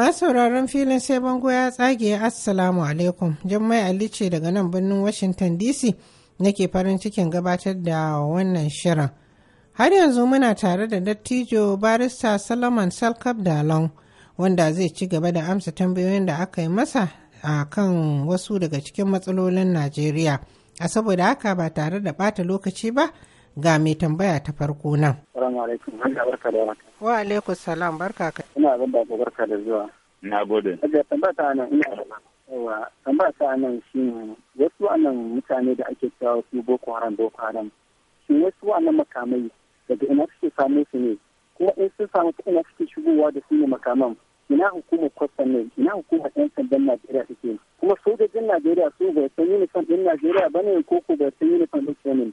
Masu sauraron filin sai bango ya tsage Assalamu alaikum. Jummai Ali ce daga nan birnin Washington DC nake farin cikin gabatar da wannan shirin. Har yanzu muna tare da dattijo barista Solomon Salkab Dalon wanda zai ci gaba da amsa tambayoyin da aka yi masa a kan wasu daga cikin matsalolin Najeriya. A saboda haka ba tare da bata lokaci ba ga mai tambaya ta farko nan. Wa alaikum salam, barka ka. Ina abin barka da zuwa. Na gode. Da tambata nan ina yawa tambata nan shi wasu wannan mutane da ake kawo su Boko Haram Boko Haram shi wasu wannan makamai daga ina suke samu su ne kuma in sun samu ta ina suke shigowa da su ne makaman ina hukumar kwastan ne ina hukumar yan sandan Najeriya suke kuma sojojin Najeriya su bai san uniform ɗin Najeriya ba ne ko ko bai san uniform din Benin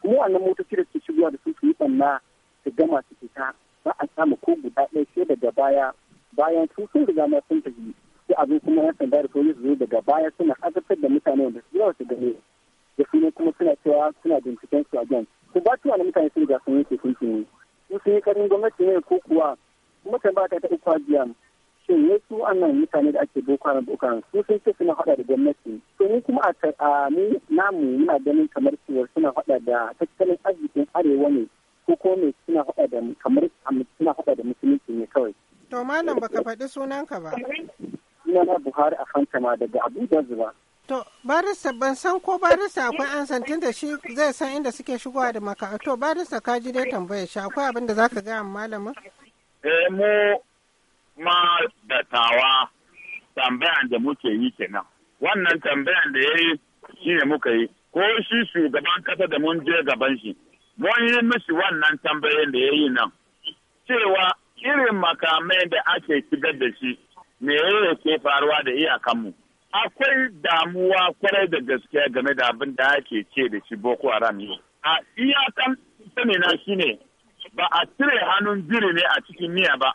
kuma wannan motoci da suke shigowa da su su yi banna su gama su fita ba a samu ko guda ɗaya sai daga baya bayan su sun riga ma sun tafi sai abin kuma yan sanda da sojoji zo daga baya suna azabtar da mutane wanda su yawa su gane da ne kuma suna cewa suna binciken su a jan su ba tuwa na mutane sun riga sun yanke kunci ne su sun yi karin gwamnati ne ko kuwa kuma tambaya ta ta uku hajiya shin ne su annan mutane da ake boko haram boko haram su sun ce suna hada da gwamnati to ni kuma a mu namu muna ganin kamar cewa suna hada da tattalin arzikin arewa ne ko kuma suna faɗa da kamar suna faɗa da musulunci ne kawai To malam baka faɗi sunanka ba. Sunana Buhari a fantama daga Abuja zuba. To barista ban san ko barista akwai an san tunda shi zai san inda suke shigowa da maka. To barista ka ji dai tambaya shi akwai abin da zaka gaya malamin? Eh mu ma tawa tambayan da muke yi kenan. Wannan tambayan da ya yi shi ne muka yi. Ko shi shugaban kasa da mun je gaban shi. Mun yi mishi wannan tambayan da ya yi nan. Cewa irin makamai da ake shigar da shi me ke faruwa da iyakanmu akwai damuwa kwarai da gaske game da abin da ake ce da shi boko haram yau a iyakan sani na ne, ba a cire hannun jiri ne a cikin miya ba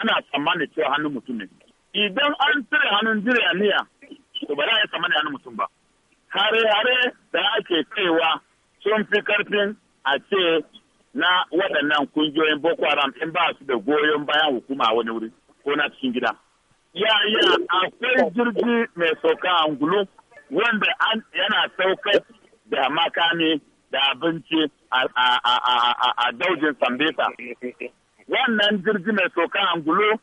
ana tsammanin cewa hannun mutum ne idan an cire hannun jiri a miya to ba za a yi tsammanin hannun mutum ba hare-hare da ake kaiwa sun fi karfin a ce na waɗannan kungiyoyin Boko Haram in ba su da goyon bayan hukuma a wani wuri ko na cikin gida. Ya ya akwai jirgi mai sauka a angulu wanda yana saukar da makami da abinci a daujin Sambesa. Wannan jirgi mai sauka a angulu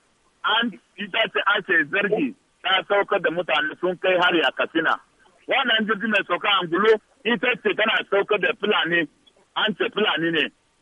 an ita ce ake zargi ta saukar da mutane sun kai hari a Katsina. Wannan jirgi mai sauka a angulu ita ce tana saukar da Fulani an ce Fulani ne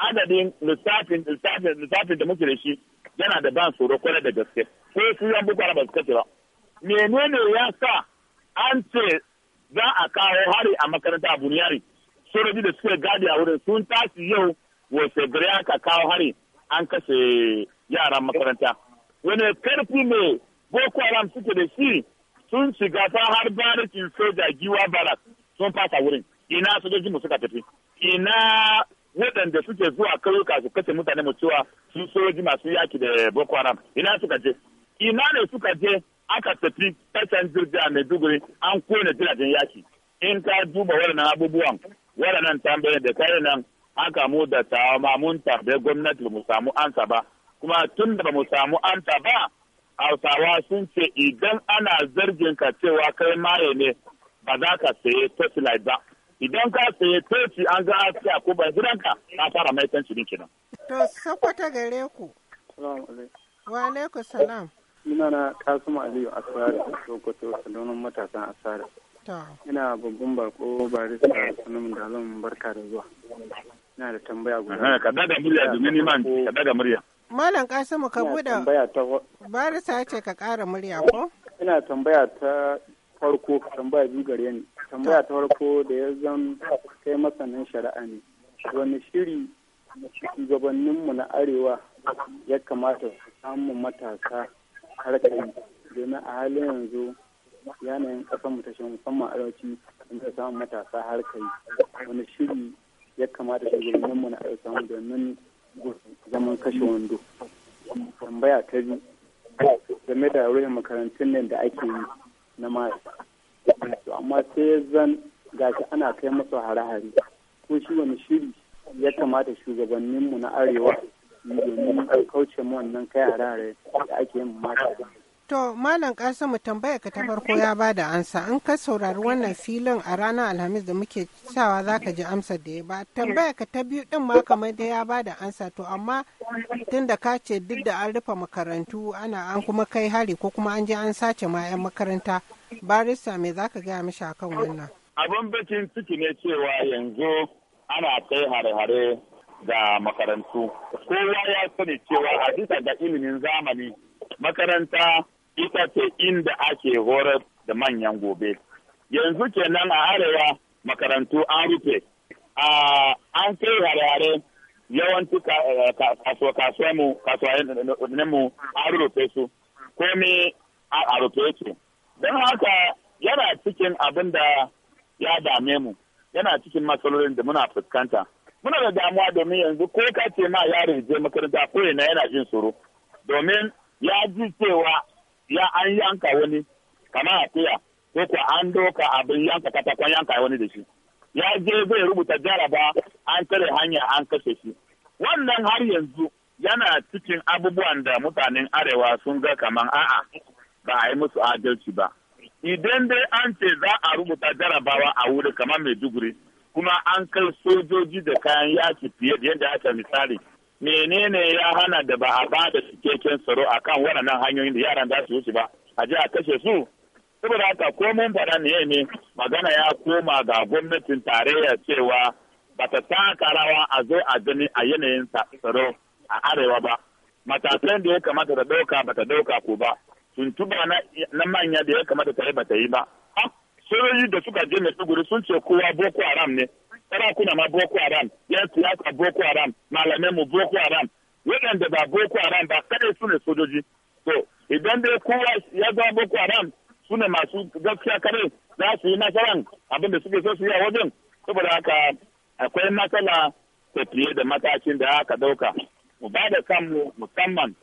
adadin lissafin lissafin lissafin da muke da shi yana da ban tsoro kwarai da gaske ko su yan boko ba su kace ba menene ya sa an ce za a kawo hari a makaranta a buniyari sojoji da suke gadi a wurin sun tashi yau wace gari aka kawo hari an kashe yaran makaranta wani karfi mai boko haram suke da shi sun shiga ta har barikin soja giwa barak sun fasa wurin ina sojoji mu suka tafi ina waɗanda suke zuwa kauyuka su kace mutane mu cewa sun soji masu yaki da Boko Haram ina suka je ina ne suka je aka tafi tashan jirgin a Maiduguri an kone jiragen yaki in ka duba waɗannan abubuwan waɗannan tambayoyin da kare nan aka mu da tawa mun tambaye gwamnati musamu mu samu ansa ba kuma tun da ba mu samu ansa ba hausawa sun ce idan ana zargin ka cewa kai maye ne ba za ka saye tosilite ba idan ka saye toci an ga asiya ko ba gidanka na fara mai san cikin kenan. To sakwata gare ku. Salamu alaikum. Wa alaikum salam. Ina na Kasimu Aliyu a Sokoto Salonin matasan Asara. Ina babban bako barista Sanum Dalon barka da zuwa. Ina da tambaya guda. Eh, ka daga murya domin iman ka daga murya. Malam Kasimu ka buɗe. Barista ce ka ƙara murya ko? Ina tambaya ta farko tambaya biyu gare ni. tambaya ta farko da ya zan kai masanin shari'a ne wani shiri shugabanninmu na arewa ya kamata su samu matasa harkar domin a halin yanzu yanayin ƙasar mu ta musamman arewaci inda samu matasa harkar wani shiri ya kamata shugabanninmu na arewa samu domin zaman kashe wando tambaya ta biyu game da ruhin makarantun nan da ake yi na mata to amma sai zan gashi ana kai masa hare-hare ko shi wani shiri ya kamata shugabanninmu na arewa domin kauce mu wannan kai hare-hare da ake yin mata To Malam Kasimu tambaya ka ta farko ya bada ansa an ka saurari wannan filin a ranar Alhamis da muke cewa za ka ji amsar da ya ba. Tambaya ka ta biyu din ma kamar da ya ba ansa to amma tun da ka ce duk da an rufe makarantu ana an kuma kai hari ko kuma an je an sace ma 'yan makaranta barista me za ka gaya mishi akan wannan abin bakin ciki ne cewa yanzu ana kai hare-hare da makarantu kowa ya sani cewa a bisa ga ilimin zamani makaranta ita ce inda ake horar da manyan gobe yanzu kenan a arewa makarantu an rufe an kai hare-hare yawanci eh, kasuwa eh, eh, mu an rufe su komai a rufe su Don haka yana cikin abin da ya dame mu, yana cikin matsalolin da muna fuskanta. Muna da damuwa domin yanzu ko ka ce ma yaro je makaranta ko yana yana jin tsoro. Domin ya ji cewa ya an yanka wani kama akuya ko ko an doka abin yanka katakon yanka wani da shi. Ya je zai rubuta jaraba an tare hanya an kashe shi. Wannan har yanzu yana cikin abubuwan da mutanen arewa sun ga kaman a'a ba a yi musu adalci ba idan dai an ce za a rubuta jarabawa a wuri kamar maiduguri kuma an kai sojoji da kayan yaki fiye da yadda aka misali menene ya hana da ba a ba da cikakken tsaro kan waɗannan hanyoyin da yaran za su wuce ba a ji a kashe su saboda haka ko mun faɗa ne ne magana ya koma ga gwamnatin tarayya cewa ba ta taka rawa a zo a gani a yanayin tsaro a arewa ba matasan da ya kamata ta ɗauka ba ta ɗauka ko ba tuntuba na manya da ya kamata ta yi ba ta yi ba sojoji da suka je maiduguri sun ce kowa boko haram ne sarakuna ma boko haram yan siyasa boko haram malamai mu boko haram waɗanda ba boko haram ba kada su ne sojoji to idan dai kowa ya zama boko haram su ne masu gaskiya kare za su yi nasaran abin da suke so su yi a wajen saboda haka akwai matsala ta fiye da matakin da aka ɗauka mu ba da kanmu musamman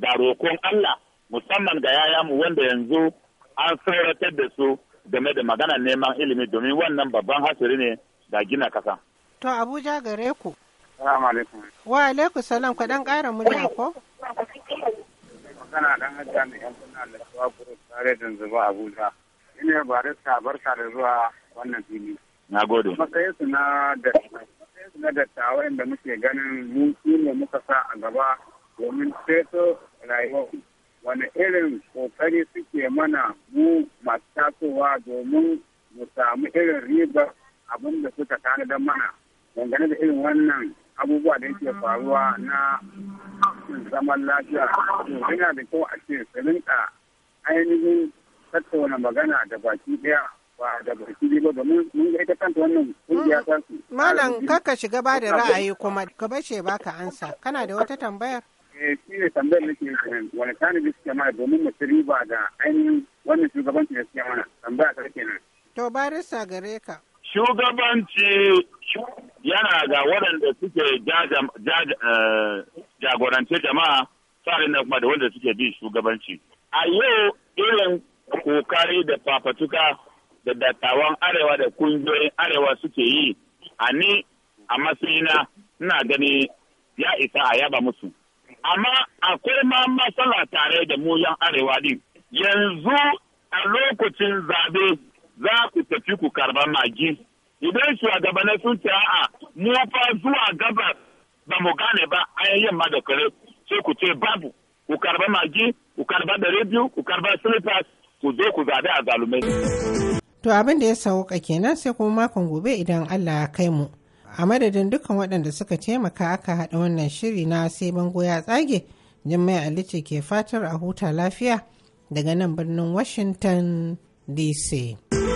da roƙon Allah musamman ga yayanmu wanda yanzu an sauratar da su game da magana neman ilimi domin wannan babban hasiri ne ga gina kasa. To Abuja gare ku. Salamu alaikum. Wa alaikum salam ka dan ƙara mu murya ko? Magana dan hajja ne yan kuna da kawa tare da zuba Abuja. Ina barista barka da zuwa wannan fili. Na gode. Matsayin su na na dattawan da muke ganin mun ne muka sa a gaba domin feto rayuwar wani irin kokari suke mana mu masu tasowa domin mu samu irin ribar abin da suka tanadar mana dangane da irin wannan abubuwa da yake faruwa na zaman lafiya yana da kyau a ce su rinka ainihin tattauna magana da baki daya ba da baki ba domin mun ga ita kanta wannan kungiya ta su malam kaka shiga ba da ra'ayi kuma ka bace baka ansa kana da wata tambayar Eh, shi ne tambayar nake wani da suke mana domin mu ba da ainihin wannan shugabanci da suke mana tambaya ta kenan. To barista gare ka. Shugabanci yana ga waɗanda suke eh, jagorance jama'a tsarin na kuma da wanda suke bi shugabanci. A yau irin kokari da fafatuka da dattawan arewa da kungiyoyin arewa suke yi a ni a matsayina ina gani ya isa a yaba musu. amma akwai ma matsala tare da mu yan arewa din yanzu a lokacin zabe za ku tafi ku karba magi idan shugabanni sun ce a mu fa zuwa gabas ba mu gane ba a yamma da kare sai ku ce babu ku karba magi ku karba da radio ku karba slippers ku zo ku zabe a zalumai. to abin da ya sauka kenan sai kuma makon gobe idan allah ya kai mu. a madadin dukkan waɗanda suka taimaka aka haɗa wannan shiri na sai bango ya tsage jimai alice ke fatar a huta lafiya daga nan birnin washington dc